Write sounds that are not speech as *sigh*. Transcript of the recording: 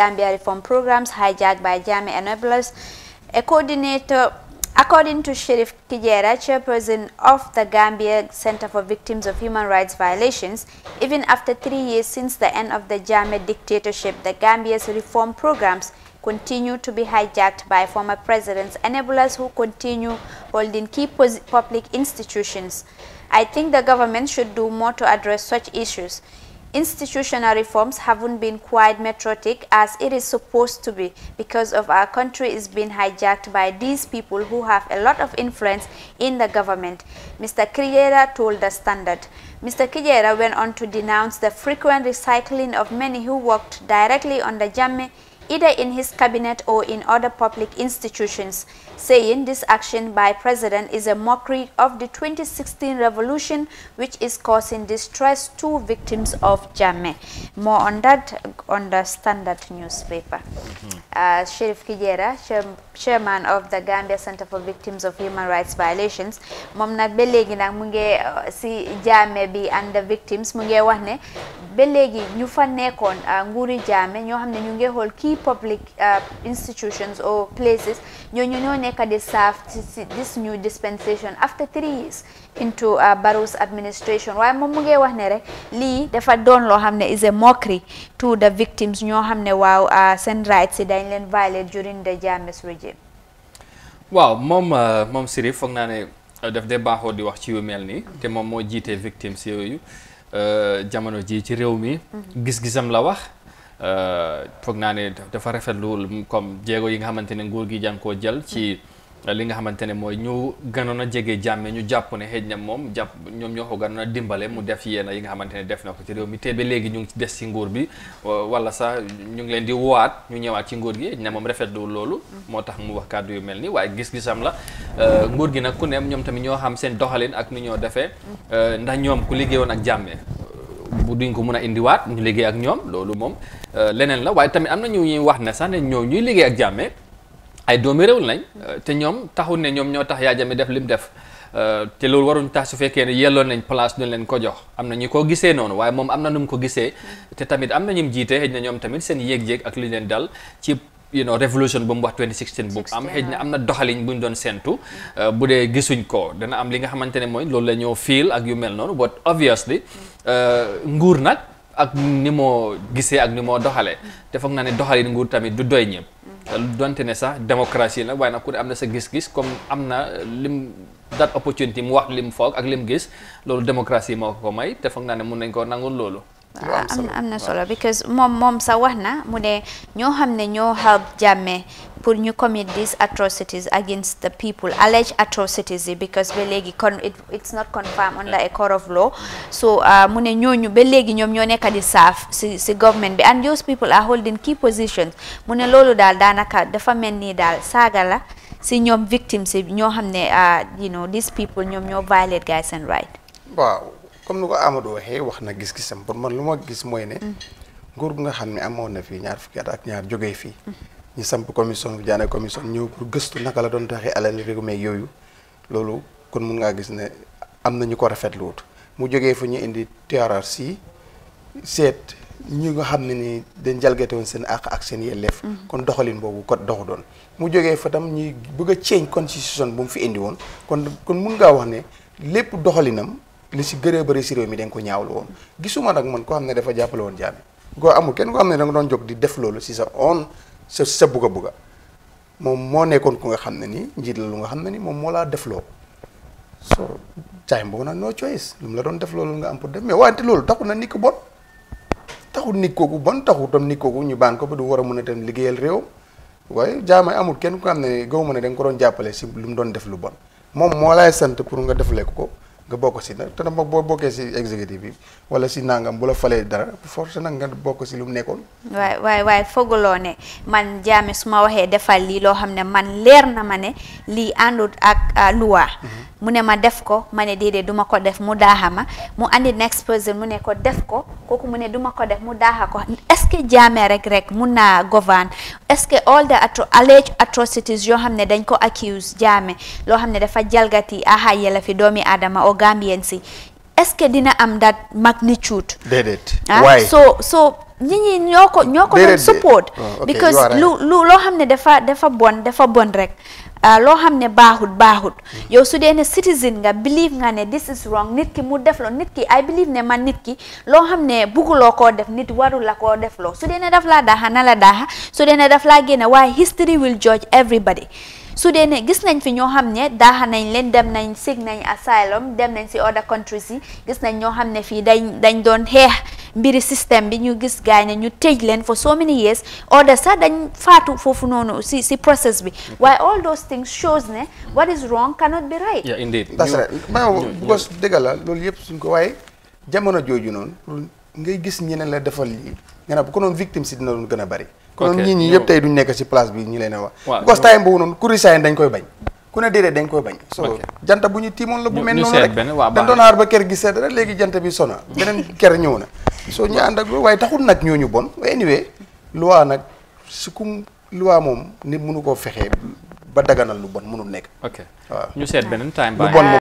Gambia reform programs hijacked by Jami enablers. A coordinator, according to Sheriff Kijera, chairperson of the Gambia Center for Victims of Human Rights Violations, even after three years since the end of the Jami dictatorship, the Gambia's reform programs continue to be hijacked by former presidents, enablers who continue holding key public institutions. I think the government should do more to address such issues institutional reforms haven't been quite metrotic as it is supposed to be because of our country is being hijacked by these people who have a lot of influence in the government, Mr. Kriera told The Standard. Mr. Kijera went on to denounce the frequent recycling of many who worked directly on the Jamme either in his cabinet or in other public institutions, saying this action by President is a mockery of the 2016 revolution which is causing distress to victims of jame. More on that on the Standard newspaper. Mm -hmm. uh, Sheriff Kijera, chairman of the Gambia Center for Victims of Human Rights Violations, mom nak be legi uh, si jame bi and the victims munge wahne wax ne nekon nguri jame fa nekkoon uh, nguuri many public uh, institutions or places ñoo ñoo nekk di serve this new dispensation after three years into uh, Barrow's administration waaye moom mu ngi wax ne rek lii dafa doon loo xam ne is a mockery to the victims ñoo xam ne waaw uh, seen rights yi dañ leen violate during the Jammeh regime waaw moom uh, moom Sirif foog naa ne uh, daf dee baaxoo di wax ci yu mel nii te moom moo jiitee victimes yooyu jamono ji ci réew mi mm-hmm. gis-gisam la wax Euh, foog naa ne dafa rafetlu comme jéego yi nga xamante ne nguur gi jàng koo jël ci li nga xamante ne mooy ñu gënoon a jege jàmme ñu jàpp ne xëy na moom jàpp ñoom ñoo ko gënoon a dimbale mu def yéen yi nga xamante ne def na ko ci réew mi te ba léegi ñu ngi des ci nguur bi wala sax ñu ngi leen di waat ñu ñëwaat ci nguur gi ne moom rafetlu loolu moo tax mu wax kàddu yu mel nii waaye gis-gisam la euh, nguur gi nag ku ne ñoom tamit ñoo xam seen doxalin ak ni ñoo defee euh, ndax ñoom ku liggéeyoon ak jàmme duñ ko mën a indiwaat ñu liggéey ak ñoom loolu moom euh, leneen la waaye tamit am na ñu ñuy wax na sax ne ñoo ñuy liggéey ak jàmme ay doomi réew lañ euh, te ñoom taxul ne ñoom ñoo tax yaa jàmme def lim def euh, te loolu waruñ tax su fekkee ne yelloon nañ place duñ leen ko jox am na ñu ko gisee noonu waaye moom am na nu mu ko gisee te tamit am na ñu jiite xëy na ñoom tamit seen yéeg-yéeg ak li leen dal ci you know révolution bu mu wax 2016 bu am xëy na am na doxalin bu ñu doon séntu euh, bu dee gisuñ ko dana am li nga xamante ne mooy loolu la ñoo fiil ak yu mel noonu but obviously euh, nguur nag ak ni moo gisee ak ni moo doxalee te foog naa ne doxalin nguur tamit du doy ñëpp donte ne sax démocratie la waaye nag ku ne am na sa gis-gis comme am na lim that opportunity mu wax lim foog ak lim gis loolu démocratie moo ko may te foog naa ne mun nañ koo nangul loolu am uh, not solo because mom, mom, sa wax mune ne ñoo xam ñoo help jamme pour ñu commit these atrocities against the people alleged atrocities because belegi con, kon it's not confirmed under a court of law so uh, mune ne ñooñu belegi léegi ñoom ñoo nekk di si government bi and those people are holding key positions Mune lolo dal daal daanaka dafa mel nii daal la si ñoom victims yi ñoo xam ne uh, you know these people ñoom ñoo violate guys and right Wow. comme ni ko Amadou waxee wax na gis-gisam pour man lu ma gis mooy ne. nguur gu nga xam ne amoon na fii ñaar fukki at ak ñaar jógee fii. ñu samp commission bi jaane commission ñëw pour gëstu naka la doon taxee alal réew mi yooyu loolu kon mun ngaa gis ne am na ko rafetlu wut mu jógee fu ñu indi TRRC seet ñi nga xam ne ni dañ jalgate seen àq ak seen yelleef. Mm. kon doxalin boobu ko doxu doon. mu jógee fa tam bëgg a change constitution bu fi indi woon kon kon mun ngaa wax ne lépp doxalinam. li si gëree bëri si réew mi dañ ko ñaawlu woon gisuma nag man koo xam ne dafa jàppale woon jaami ko amul kenn koo xam ne da nga doon jóg di def loolu sa on sa sa bugg a bugg a moom moo nekkoon ku nga xam ne nii njiit la lu nga xam ne ni moom moo laa def loo so time boobu nag no mu la doon def loolu nga am pour def mais wante loolu taxul na nit ko bon taxul nit kooku bon taxul tam nit kooku ñu baan ko ba du war a mun a tam liggéeyal réew waaye jaamay amul kenn ku nga xam ne gëw ma ne da ko doon jàppale si lu mu doon def lu bon moom moo lay sant pour nga defale ko ko nga bokk si nag te nag boo bokkee si exécutif bi wala si nangam bu la falee dara force nag nga bokk si lu mu nekkoon. waay waay waay foogaloo ne man jaame su ma waxee defal lii loo xam ne man leer na ma ne lii àndut ak ah, luwa. Mhm. mu ne ma def ko ma ne déedéet duma ko def mu daaxa ma mu andi next person mu ne ko def ko kooku mu ne duma ko def mu daaxa ko est-ce que jaame rek rek mun naa govern est-ce que all the atro atrocities yoo xam ne dañ ko accuse jaame loo xam ne dafa jalgati aha or Gambian ce que dina am that magnitude. déedéet ah, waaye so so ñi ñi ñoo ko ñoo ko doon support. Oh, because lu loo xam ne dafa dafa bon dafa bon rek. Ah, loo xam ne baaxut baaxut mm. yow su dee ne citizen nga believe nga ne this is wrong nit ki mu def loo nit ki I believe ne ma nit ki loo xam ne bugguloo koo def nit warul la ko def loo su dee ne daf laa daaxa na la daaxa su dee ne daf laa génne waaye history will judge everybody. su dee nee gis nañ fi ñoo xam ne daaxa nañ leen dem nañ sig nañ asylum dem nañ si other countries yi gis nañ ñoo xam ne fii dañ dañ doon xeex mbiri système bi ñu gis gaañ ne ñu tëj leen for so many years other sax dañ faatu foofu noonu si si process bi waaye all those things shows ne what is wrong cannot be right. yeah indeed. that's right. dëgg la loolu yëpp suñ ko waaye jamono jooju noonu. ngay gis ñeneen la defal lii nga bu ko noonu victime si dina doon gën a bari. kon ñii ñi yëpp tey duñ nekk si place bi ñu leen a wax. waaw gos taayam boobu noonu kuréel saa dañ koy bañ. ku ne déedéet dañ koy bañ. so janta bu ñu tiimoon la bu mel noonu rek dañ doon xaar ba kër gi sedd rek léegi jant bi sona beneen *laughs* kër ñëw na. soo ñu ànd ak waaye taxul nag ñooñu bon anyway loi nag su kum loi moom nit mënu koo fexee ba daganal lu bon mënul nekk. ok waaw ñu seet beneen